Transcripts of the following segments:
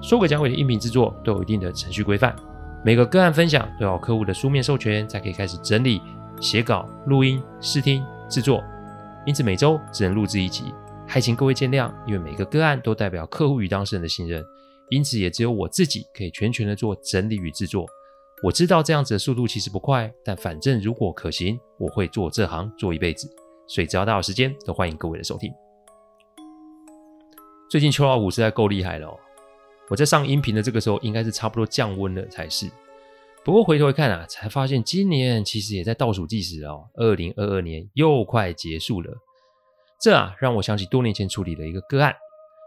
說詭講鬼的音頻製作都有一定的程序規範，每個個案分享都要有客戶的書面授權才可以開始整理、寫稿、錄音、試聽、製作，因此每週只能錄製一集，還請各位見諒。因為每個個案都代表客戶與當事人的信任，因此也只有我自己可以全權的做整理與製作。我知道這樣子的速度其實不快，但反正如果可行，我會做這行做一輩子。所以只要大夥有時間都歡迎各位的收聽。最近秋老五實在夠厲害了哦。我在上音頻的這個時候，應該是差不多降溫了才是。不過回頭一看啊，才發現今年其實也在倒數計時哦，二零二二年又快結束了。這啊，讓我想起多年前處理的一個個案。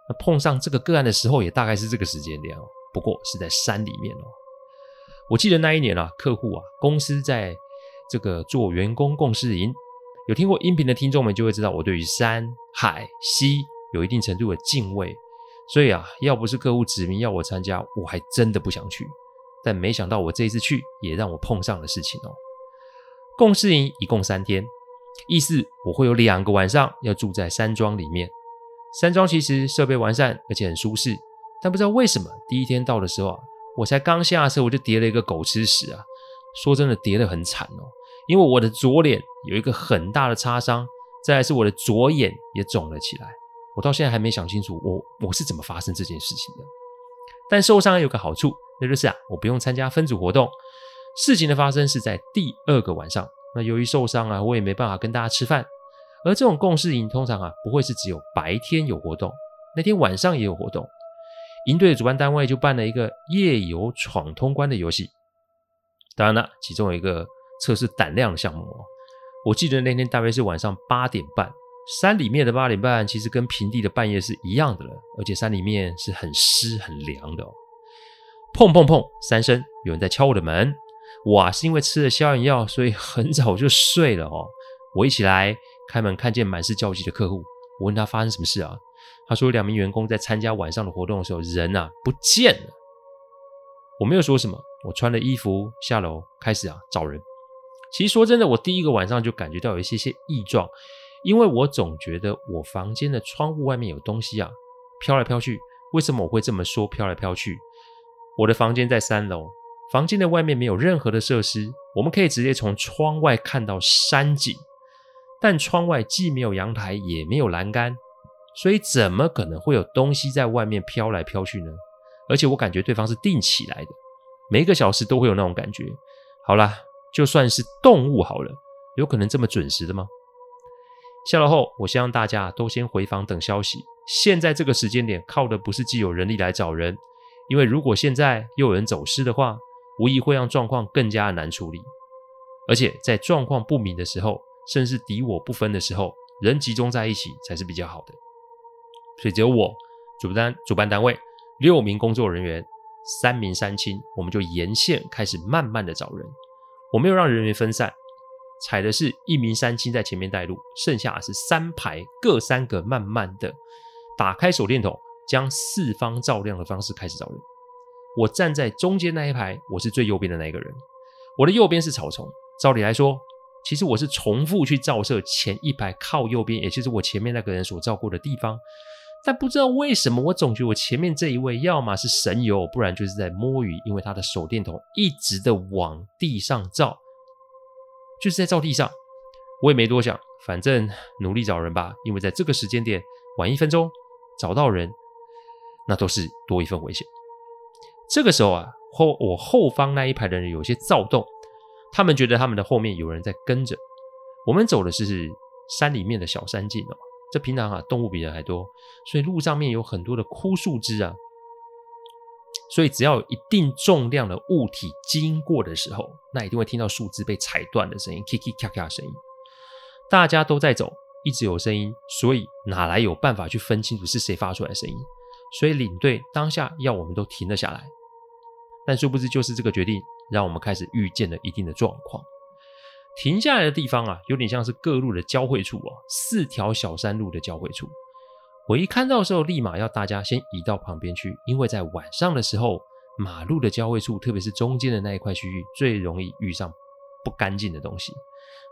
那碰上這個個案的時候，也大概是這個時間點哦，不過是在山裡面哦。我記得那一年啊，客戶啊，公司在這個做員工共識營，有聽過音頻的聽眾們就會知道，我對於山、海、溪有一定程度的敬畏。所以啊，要不是客戶指明要我參加，我還真的不想去。但沒想到我這一次去，也讓我碰上了事情哦。共識營一共三天，意思我會有兩個晚上要住在山莊裡面。山莊其實設備完善，而且很舒適。但不知道為什麼，第一天到的時候啊，我才剛下車，我就跌了一個狗吃屎啊！說真的，跌得很慘哦。因為我的左臉有一個很大的擦傷，再來是我的左眼也腫了起來。我到現在還沒想清楚我，我我是怎麼發生這件事情的。但受傷有個好處，那就是啊，我不用參加分組活動。事情的發生是在第二個晚上，那由於受傷啊，我也沒辦法跟大家吃飯。而這種共事營通常啊，不會是只有白天有活動，那天晚上也有活動。營隊的主辦單位就辦了一個夜遊闖通關的遊戲，當然了，其中有一個測試膽量的項目。我記得那天大約是晚上八點半。山裡面的八點半其實跟平地的半夜是一樣的了，而且山裡面是很濕很涼的哦。碰碰碰，三聲，有人在敲我的門。哇，是因為吃了消炎藥，所以很早就睡了哦。我一起來開門，看見滿是焦急的客戶。我問他發生什麼事啊？他說兩名員工在參加晚上的活動的時候，人啊不見了。我沒有說什麼，我穿了衣服下樓開始啊找人。其實說真的，我第一個晚上就感覺到有一些些異狀。因為我總覺得我房間的窗戶外面有東西啊飄來飄去。為什麼我會這麼說？飄來飄去。我的房間在三樓，房間的外面沒有任何的設施，我們可以直接從窗外看到山景。但窗外既沒有陽台，也沒有欄杆，所以怎麼可能會有東西在外面飄來飄去呢？而且我感覺對方是定起來的，每一個小時都會有那種感覺。好了，就算是動物好了，有可能這麼準時的嗎？下樓後，我希望大家都先回房等消息。現在這個時間點，靠的不是既有人力來找人，因為如果現在又有人走失的話，無疑會讓狀況更加難處理。而且在狀況不明的時候，甚至敵我不分的時候，人集中在一起才是比較好的。所以只有我，主辦主辦單位，六名工作人員，三名三親，我們就沿線開始慢慢的找人。我沒有讓人員分散。踩的是一名山青在前面帶路，剩下是三排各三個，慢慢的打開手電筒，將四方照亮的方式開始找人。我站在中間那一排，我是最右邊的那一個人。我的右邊是草叢。照理來說，其實我是重複去照射前一排靠右邊，也就是我前面那個人所照過的地方。但不知道為什麼，我總覺得我前面這一位要麼是神遊，不然就是在摸魚，因為他的手電筒一直的往地上照。就是在灶地上，我也沒多想，反正努力找人吧。因為在這個時間點，晚一分鐘找到人，那都是多一份危險。這個時候啊，後我後方那一排的人有些躁動，他們覺得他們的後面有人在跟着。我們走的是山裡面的小山徑哦，這平常啊動物比人還多，所以路上面有很多的枯樹枝啊。所以，只要有一定重量的物體經過的時候，那一定會聽到樹枝被踩斷的聲音，kiki kaka 的聲音。大家都在走，一直有聲音，所以哪來有辦法去分清楚是誰發出來的聲音？所以領隊當下要我們都停了下來。但殊不知，就是這個決定，讓我們開始遇見了一定的狀況。停下來的地方啊，有點像是各路的交匯處哦、啊，四條小山路的交匯處。我一看到的時候，立馬要大家先移到旁邊去，因為在晚上的時候，馬路的交匯處，特別是中間的那一塊區域，最容易遇上不乾淨的東西。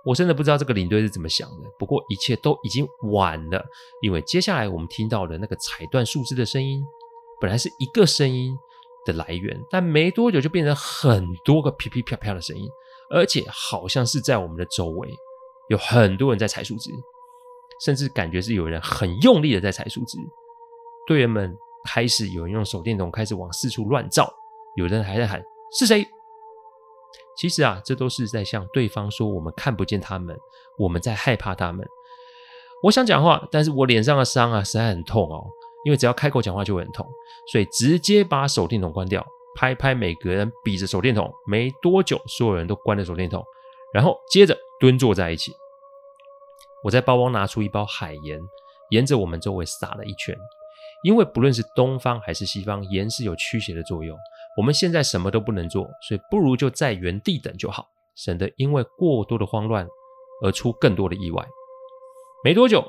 我真的不知道這個領隊是怎麼想的。不過一切都已經晚了，因為接下來我們聽到的那個踩斷樹枝的聲音，本來是一個聲音的來源，但沒多久就變成很多個噼噼啪啪的聲音，而且好像是在我們的周圍，有很多人在踩樹枝。甚至感覺是有人很用力的在踩樹枝，隊員們開始有人用手電筒開始往四處亂照，有人還在喊是誰？其實啊，這都是在向對方說，我們看不見他們，我們在害怕他們。我想講話，但是我臉上的傷啊實在很痛哦，因為只要開口講話就會很痛，所以直接把手電筒關掉，拍拍每個人比着手電筒，沒多久所有人都關了手電筒，然後接着蹲坐在一起。我在包包拿出一包海鹽，沿着我們周圍撒了一圈。因為不論是東方還是西方，鹽是有驅邪的作用。我們現在什麼都不能做，所以不如就在原地等就好，省得因為過多的慌亂而出更多的意外。沒多久，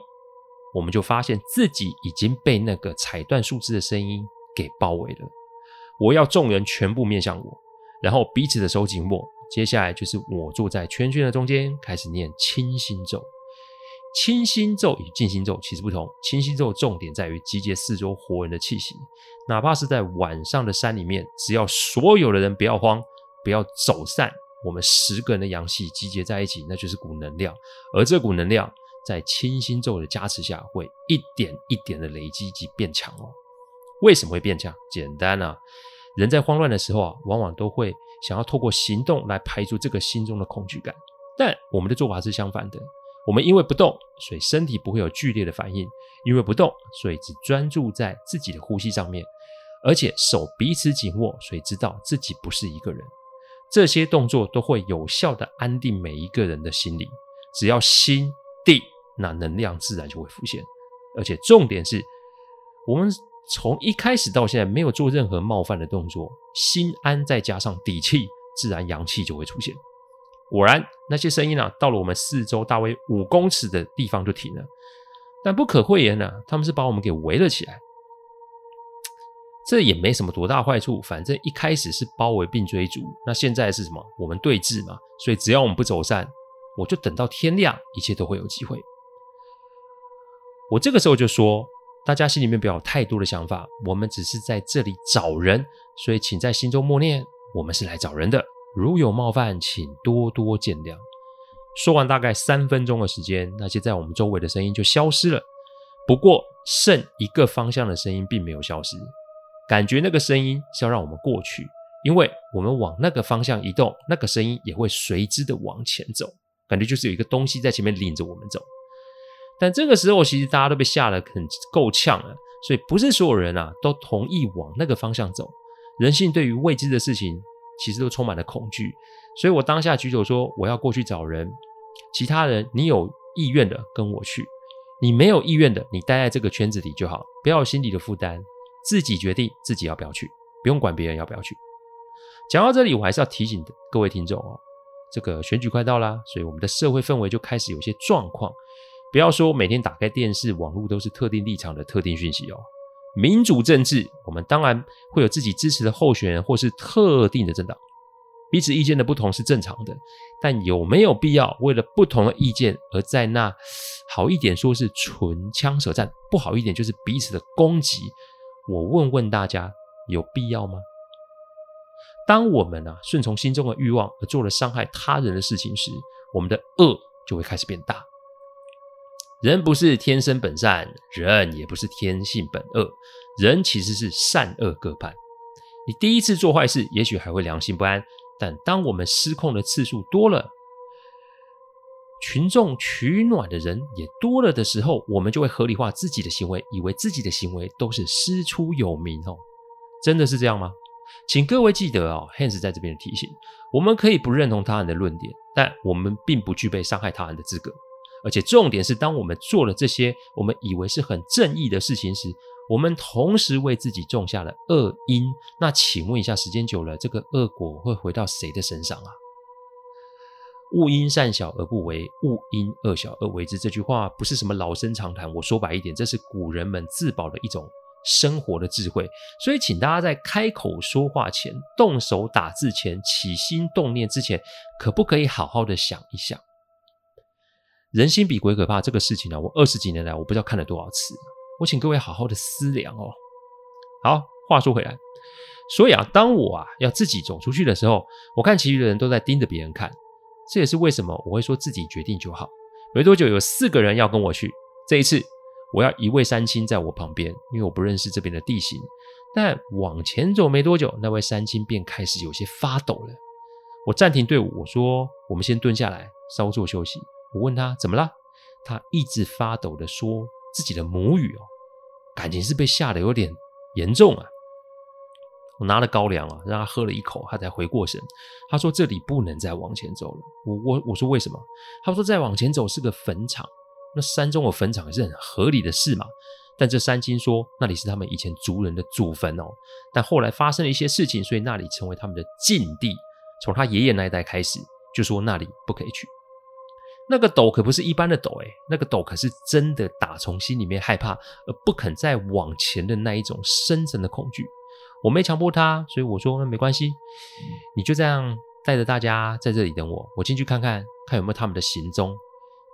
我們就發現自己已經被那個踩斷樹枝的聲音給包圍了。我要眾人全部面向我，然後彼此的手緊握。接下來就是我坐在圈圈的中間，開始念清心咒。清心咒與靜心咒其實不同。清心咒重點在於集結四周活人的氣息，哪怕是在晚上的山裡面，只要所有的人不要慌，不要走散，我們十個人的陽氣集結在一起，那就是股能量。而這股能量在清心咒的加持下，會一點一點的累積及變強哦。為什麼會變強？簡單啊，人在慌亂的時候啊，往往都會想要透過行動來排除這個心中的恐懼感，但我們的做法是相反的。我們因為不動，所以身體不會有劇烈的反應；因為不動，所以只專注在自己的呼吸上面，而且手彼此緊握，所以知道自己不是一個人。這些動作都會有效地安定每一個人的心理，只要心定，那能量自然就會浮現。而且重點是，我們從一開始到現在沒有做任何冒犯的動作，心安再加上底氣，自然陽氣就會出現。果然，那些聲音啊，到了我們四周大約五公尺的地方就停了。但不可諱言呢，他們是把我們給圍了起來。這也沒什麼多大壞處，反正一開始是包圍並追逐，那現在是什麼？我們對峙嘛。所以只要我們不走散，我就等到天亮，一切都會有機會。我這個時候就說，大家心裡面不要有太多的想法，我們只是在這裡找人，所以請在心中默念，我們是來找人的。如有冒犯，請多多見諒。說完大概三分鐘的時間，那些在我們周圍的聲音就消失了。不過，剩一個方向的聲音並沒有消失，感覺那個聲音是要讓我們過去，因為我們往那個方向移動，那個聲音也會隨之的往前走。感覺就是有一個東西在前面領着我們走。但這個時候，其實大家都被嚇得很夠嗆了，所以不是所有人啊，都同意往那個方向走。人性對於未知的事情。其實都充滿了恐懼，所以我當下舉手說，我要過去找人，其他人你有意願的跟我去，你沒有意願的，你待在這個圈子裡就好，不要有心理的負擔，自己決定自己要不要去，不用管別人要不要去。講到這裡，我還是要提醒各位聽眾哦，這個選舉快到啦啊，所以我們的社會氛圍就開始有些狀況，不要說每天打開電視、網絡都是特定立場的特定訊息哦。民主政治，我們當然會有自己支持的候選人或是特定的政黨，彼此意見的不同是正常的。但有沒有必要為了不同的意見而在那好一點說是唇槍舌戰，不好一點就是彼此的攻擊？我問問大家，有必要嗎？當我們啊順從心中的欲望而做了傷害他人的事情時，我們的惡就會開始變大。人不是天生本善，人也不是天性本惡，人其實是善惡各半。你第一次做壞事，也許還會良心不安，但當我們失控的次數多了，群眾取暖的人也多了的時候，我們就會合理化自己的行為，以為自己的行為都是師出有名哦。真的是這樣嗎？請各位記得哦 h a n s 在這邊提醒：我們可以不認同他人的論點，但我們並不具備傷害他人的資格。而且重點是，當我們做了這些我們以為是很正義的事情時，我們同時為自己種下了惡因。那請問一下，時間久了，這個惡果會回到誰的身上啊？勿因善小而不為，勿因惡小而為之。這句話不是什麼老生常談。我說白一點，這是古人們自保的一種生活的智慧。所以，請大家在開口說話前、動手打字前、起心動念之前，可不可以好好的想一想？人心比鬼可怕這個事情呢、啊，我二十幾年來我不知道看了多少次。我請各位好好的思量哦。好，話說回來，所以啊，當我啊要自己走出去的時候，我看其餘的人都在盯着別人看，這也是為什麼我會說自己決定就好。沒多久，有四個人要跟我去。這一次，我要一位山青在我旁邊，因為我不認識這邊的地形。但往前走沒多久，那位山青便開始有些發抖了。我暫停隊伍，我說：“我們先蹲下來，稍作休息。”我問他怎麼了，他一直發抖地說自己的母語哦，感情是被嚇得有點嚴重啊。我拿了高粱啊，讓他喝了一口，他才回過神。他說這裡不能再往前走了。我我我說為什麼？他說再往前走是個墳場。那山中有墳場也是很合理的事嘛。但這山精說那裡是他們以前族人的祖墳哦，但後來發生了一些事情，所以那裡成為他們的禁地。從他爺爺那一代開始就說那裡不可以去。那個抖可不是一般的抖，欸、那個抖可是真的打從心裡面害怕而不肯再往前的那一種深層的恐懼。我沒強迫他，所以我說，那沒關係，嗯，你就這樣帶着大家在這裡等我，我進去看看，看有沒有他們的行蹤。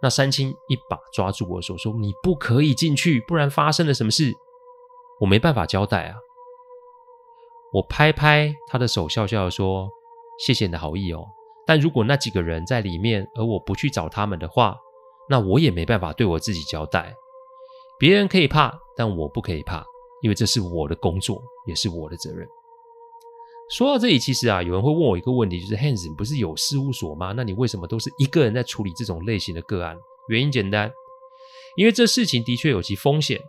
那山青一把抓住我的手說：“你不可以進去，不然發生了什麼事，我沒辦法交代啊。”我拍拍他的手，笑笑說：“謝謝你的好意哦。”但如果那幾個人在裡面，而我不去找他們的話，那我也沒辦法對我自己交代。別人可以怕，但我不可以怕，因為這是我的工作，也是我的責任。說到這裡，其實啊，有人會問我一個問題，就是 Hans，你不是有事務所嗎？那你為什麼都是一個人在處理這種類型的個案？原因簡單，因為這事情的確有其風險。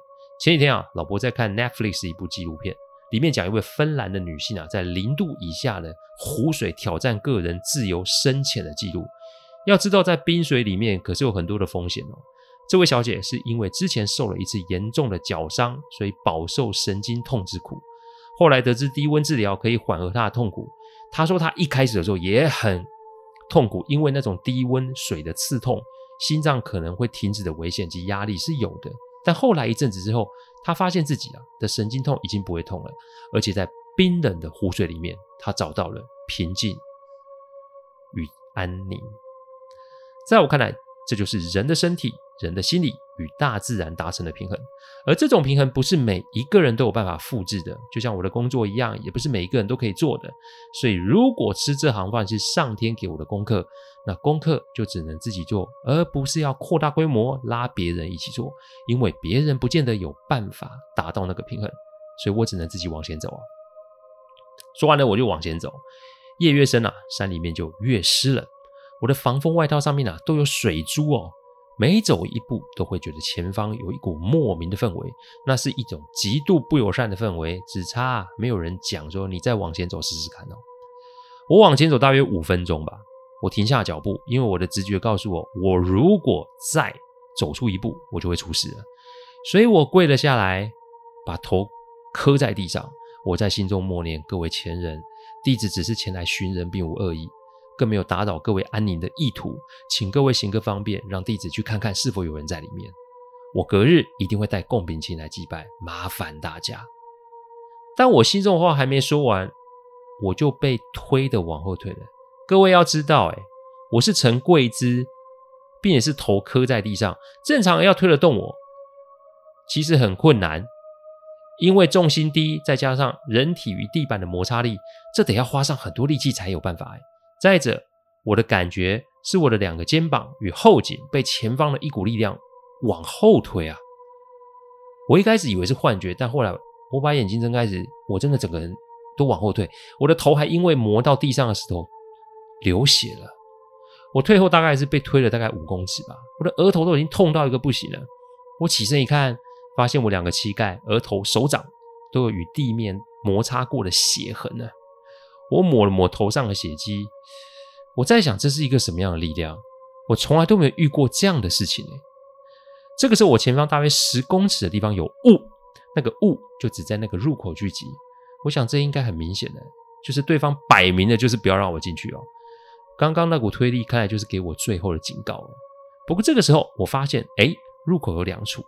前幾天啊，老伯在看 Netflix 一部紀錄片。裡面講一位芬蘭的女性啊，在零度以下的湖水挑戰個人自由深淺的記錄。要知道，在冰水裡面可是有很多的風險哦。這位小姐是因為之前受了一次嚴重的腳傷，所以飽受神經痛之苦。後來得知低溫治療可以緩和她的痛苦，她說她一開始的時候也很痛苦，因為那種低溫水的刺痛，心臟可能會停止的危險及壓力是有的。但後來一陣子之後。他發現自己啊的神經痛已經不會痛了，而且在冰冷的湖水裡面，他找到了平靜與安寧。在我看來，這就是人的身體、人的心理與大自然達成的平衡，而這種平衡不是每一個人都有辦法複製的，就像我的工作一樣，也不是每一個人都可以做的。所以，如果吃這行飯是上天給我的功課，那功課就只能自己做，而不是要擴大規模拉別人一起做，因為別人不見得有辦法達到那個平衡，所以我只能自己往前走啊。說完了，我就往前走。夜越深了啊，山裡面就越濕了。我的防風外套上面啊都有水珠哦，每走一步都會覺得前方有一股莫名的氛圍，那是一種極度不友善的氛圍，只差沒有人講說你再往前走試試看哦。我往前走大約五分鐘吧，我停下腳步，因為我的直覺告訴我，我如果再走出一步，我就會出事了，所以我跪了下來，把頭磕在地上，我在心中默念：各位前人，弟子只是前來尋人，並無惡意。更沒有打擾各位安寧的意圖，請各位行個方便，讓弟子去看看是否有人在裡面。我隔日一定會帶貢品前來祭拜，麻煩大家。但我心中話還沒說完，我就被推的往後退了。各位要知道誒，誒我是呈跪姿，並且是頭磕在地上，正常人要推得動我，其實很困難，因為重心低，再加上人體與地板的摩擦力，這得要花上很多力氣才有辦法誒。再者，我的感覺是我的兩個肩膀與後頸被前方的一股力量往後推啊！我一開始以為是幻覺，但後來我把眼睛睜開時，我真的整個人都往後退，我的頭還因為磨到地上的石頭流血了。我退後大概是被推了大概五公尺吧，我的額頭都已經痛到一個不行了。我起身一看，發現我兩個膝蓋、額頭、手掌都有與地面摩擦過的血痕呢、啊。我抹了抹頭上的血跡，我在想這是一個什麼樣的力量？我從來都沒有遇過這樣的事情呢、欸。這個時候，我前方大約十公尺的地方有霧，那個霧就只在那個入口聚集。我想這應該很明顯的，就是對方擺明的就是不要讓我進去哦。剛剛那股推力看來就是給我最後的警告了。不過這個時候我發現，哎，入口有兩處，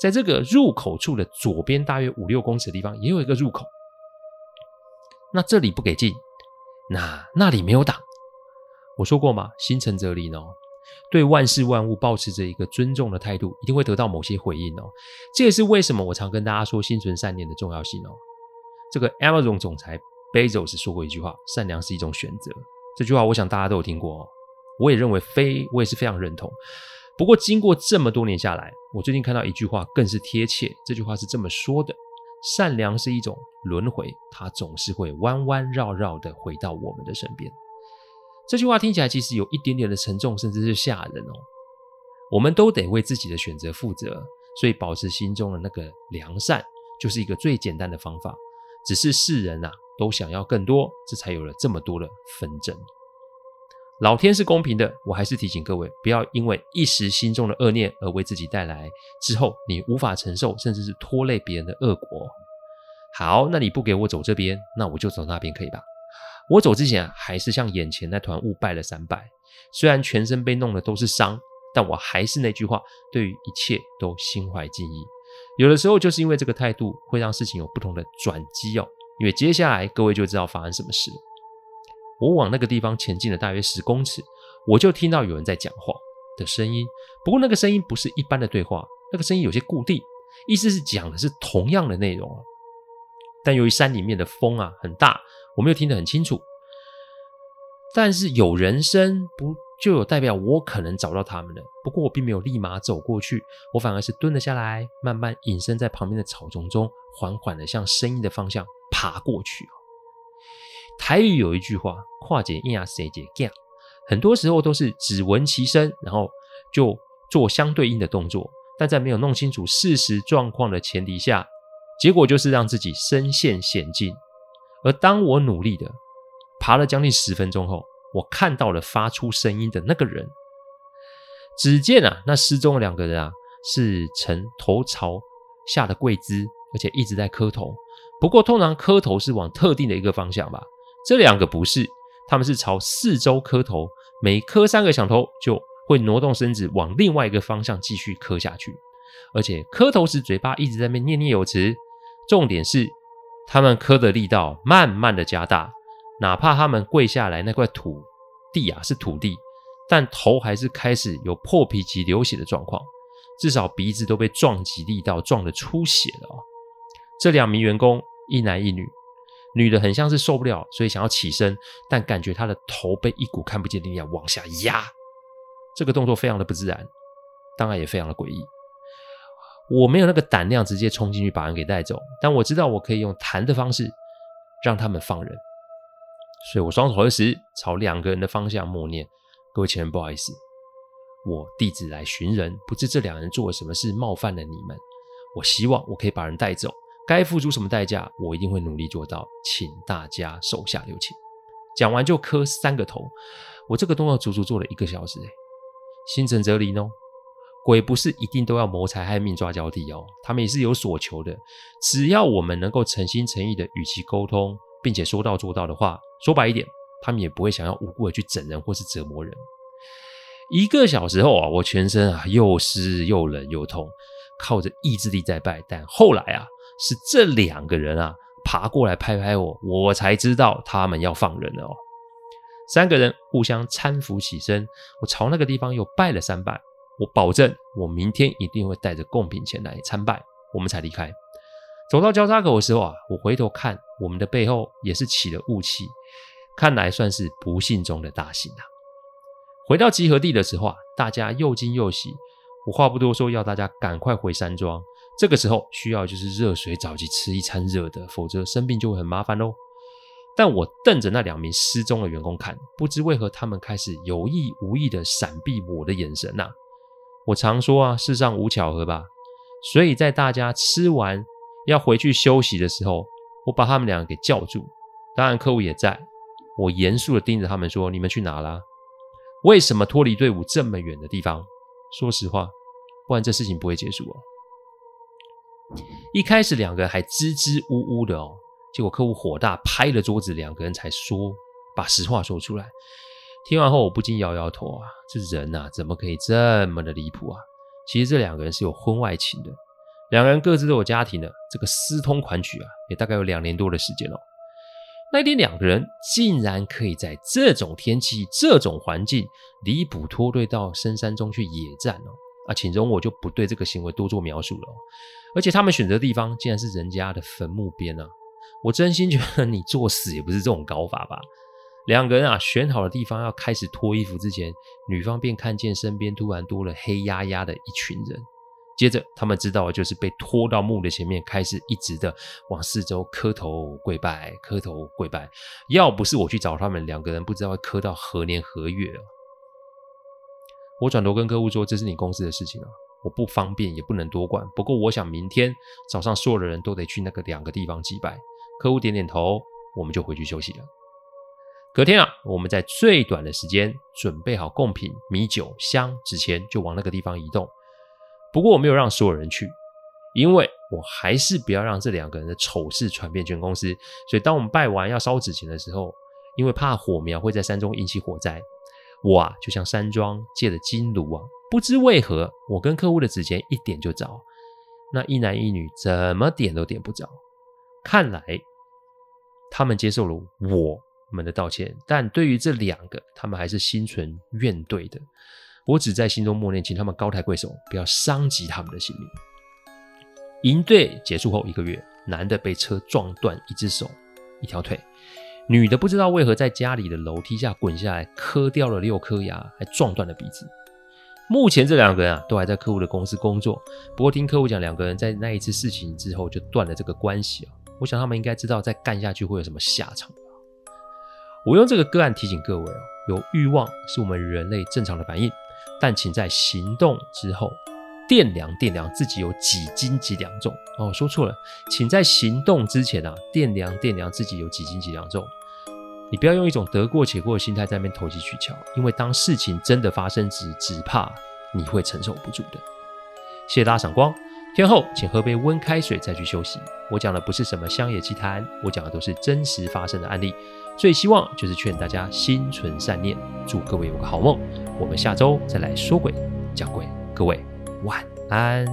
在這個入口處的左邊大約五六公尺的地方也有一個入口。那這裡不給進，那那裡沒有擋。我說過嘛。心誠則靈哦。對萬事萬物保持着一個尊重的態度，一定會得到某些回應哦。這也是為什麼我常跟大家說心存善念的重要性哦。這個 Amazon 總裁 Bezos 說過一句話：“善良是一種選擇。”這句話我想大家都有聽過哦。我也認為非，我也是非常認同。不過經過這麼多年下來，我最近看到一句話更是貼切。這句話是這麼說的。善良是一種輪回，它總是會彎彎繞繞的回到我們的身邊。這句話聽起來其實有一點點的沉重，甚至是嚇人哦。我們都得為自己的選擇負責，所以保持心中的那個良善，就是一個最簡單的方法。只是世人啊，都想要更多，這才有了這麼多的紛爭。老天是公平的，我還是提醒各位，不要因為一時心中的惡念而為自己帶來之後你無法承受，甚至是拖累別人的惡果。好，那你不給我走這邊，那我就走那邊，可以吧？我走之前啊，還是向眼前那團霧拜了三拜，雖然全身被弄的都是傷，但我還是那句話，對於一切都心懷敬意。有的時候就是因為這個態度，會讓事情有不同的轉機哦。因為接下來各位就知道發生什麼事了。我往那個地方前進了大約十公尺，我就聽到有人在講話的聲音。不過那個聲音不是一般的對話，那個聲音有些固定，意思是講的是同樣的內容。但由於山裡面的風啊很大，我沒有聽得很清楚。但是有人聲，不就有代表我可能找到他們了？不過我並沒有立馬走過去，我反而是蹲了下來，慢慢隱身在旁邊的草叢中，緩緩地向聲音的方向爬過去。台語有一句話，跨界硬啊，誰解蓋，很多時候都是只聞其聲，然後就做相對應的動作，但在沒有弄清楚事實狀況的前提下，結果就是讓自己身陷險境。而當我努力的爬了將近十分鐘後，我看到了發出聲音的那個人。只見啊，那失蹤的兩個人啊，是呈頭朝下的跪姿，而且一直在磕頭。不過通常磕頭是往特定的一個方向吧。這兩個不是，他們是朝四周磕頭，每磕三個響頭就會挪動身子往另外一個方向繼續磕下去，而且磕頭時嘴巴一直在那邊念念有詞。重點是他們磕的力道慢慢的加大，哪怕他們跪下來那塊土地啊是土地，但頭還是開始有破皮及流血的狀況，至少鼻子都被撞擊力道撞得出血了哦。這兩名員工，一男一女。女的很像是受不了，所以想要起身，但感覺她的頭被一股看不見的力量往下壓。這個動作非常的不自然，當然也非常的詭異。我沒有那個膽量直接衝進去把人給帶走，但我知道我可以用談的方式讓他們放人。所以我雙手合十，朝兩個人的方向默念：“各位前輩不好意思，我弟子來尋人，不知這兩人做了什麼事冒犯了你們？我希望我可以把人帶走。”該付出什麼代價，我一定會努力做到，請大家手下留情。講完就磕三個頭，我這個動作足足做了一個小時。心誠則靈哦，鬼不是一定都要謀財害命抓交替哦，他們也是有所求的。只要我們能夠誠心誠意的與其溝通，並且說到做到的話，說白一點，他們也不會想要無故的去整人或是折磨人。一個小時後啊，我全身啊又濕又冷又痛，靠着意志力在拜，但後來啊。是這兩個人啊，爬過來拍拍我，我才知道他們要放人了哦。三個人互相攙扶起身，我朝那個地方又拜了三拜。我保證，我明天一定會帶着貢品前來參拜，我們才離開。走到交叉口的時候啊，我回頭看，我們的背後也是起了霧氣，看來算是不幸中的大幸啊。回到集合地的時候啊，大家又驚又喜。我話不多說，要大家趕快回山莊。這個時候需要就是熱水，早起吃一餐熱的，否則生病就會很麻煩嘍。但我瞪着那兩名失蹤的員工看，不知為何他們開始有意無意的閃避我的眼神吶。啊，我常說啊，世上無巧合吧。所以在大家吃完要回去休息的時候，我把他們兩個給叫住。當然，客戶也在。我嚴肅的盯着他們說：“你們去哪啦啊？為什麼脫離隊伍這麼遠的地方？說實話，不然這事情不會結束哦啊。”一開始兩個人還支支吾吾的哦，結果客戶火大拍了桌子，兩個人才說把實話說出來。聽完後我不禁搖搖頭啊，這人吶啊，怎麼可以這麼的離譜啊？其實這兩個人是有婚外情的，兩個人各自都有家庭的，這個私通款曲啊也大概有兩年多的時間哦。那天兩個人竟然可以在這種天氣、這種環境離譜脫隊到深山中去野戰哦。啊，請容我就不對這個行為多做描述了。而且他們選擇的地方竟然是人家的墳墓邊啊，我真心覺得你作死也不是這種搞法吧。兩個人啊，選好了地方要開始脫衣服之前，女方便看見身邊突然多了黑壓壓的一群人。接着他們知道就是被拖到墓的前面，開始一直的往四周磕頭跪拜，磕頭跪拜。要不是我去找他們，兩個人不知道會磕到何年何月啊。我轉頭跟客戶說：“這是你公司的事情啊，我不方便，也不能多管。不過我想明天早上所有的人都得去那個兩個地方祭拜。”客戶點點頭，我們就回去休息了。隔天啊，我們在最短的時間準備好貢品、米酒、香、紙錢，就往那個地方移動。不過我沒有讓所有人去，因為我還是不要讓這兩個人的醜事傳遍全公司。所以當我們拜完要燒紙錢的時候，因為怕火苗會在山中引起火災。我啊，就向山莊借了金爐啊，不知為何，我跟客戶的紙錢一點就着，那一男一女怎麼點都點不着。看來他們接受了我們的道歉，但對於這兩個，他們還是心存怨懟的。我只在心中默念，請他們高抬貴手，不要傷及他們的性命。營隊結束後一個月，男的被車撞斷一隻手，一條腿。女的不知道為何在家裡的樓梯下滾下來，磕掉了六顆牙，還撞斷了鼻子。目前這兩個人啊，都還在客戶的公司工作。不過聽客戶講，兩個人在那一次事情之後就斷了這個關係啊。我想他們應該知道再幹下去會有什麼下場。我用這個個案提醒各位哦、啊，有欲望是我們人類正常的反應，但請在行動之後。掂量掂量自己有幾斤幾兩重哦，說錯了，請在行動之前啊，掂量掂量自己有幾斤幾兩重。你不要用一種得過且過的心態在那邊投機取巧，因為當事情真的發生時，只怕你會承受不住的。謝謝大家賞光，天後，請喝杯溫開水再去休息。我講的不是什麼鄉野奇談，我講的都是真實發生的案例，所以希望就是勸大家心存善念，祝各位有個好夢。我們下周再來說詭講鬼，各位，晚安。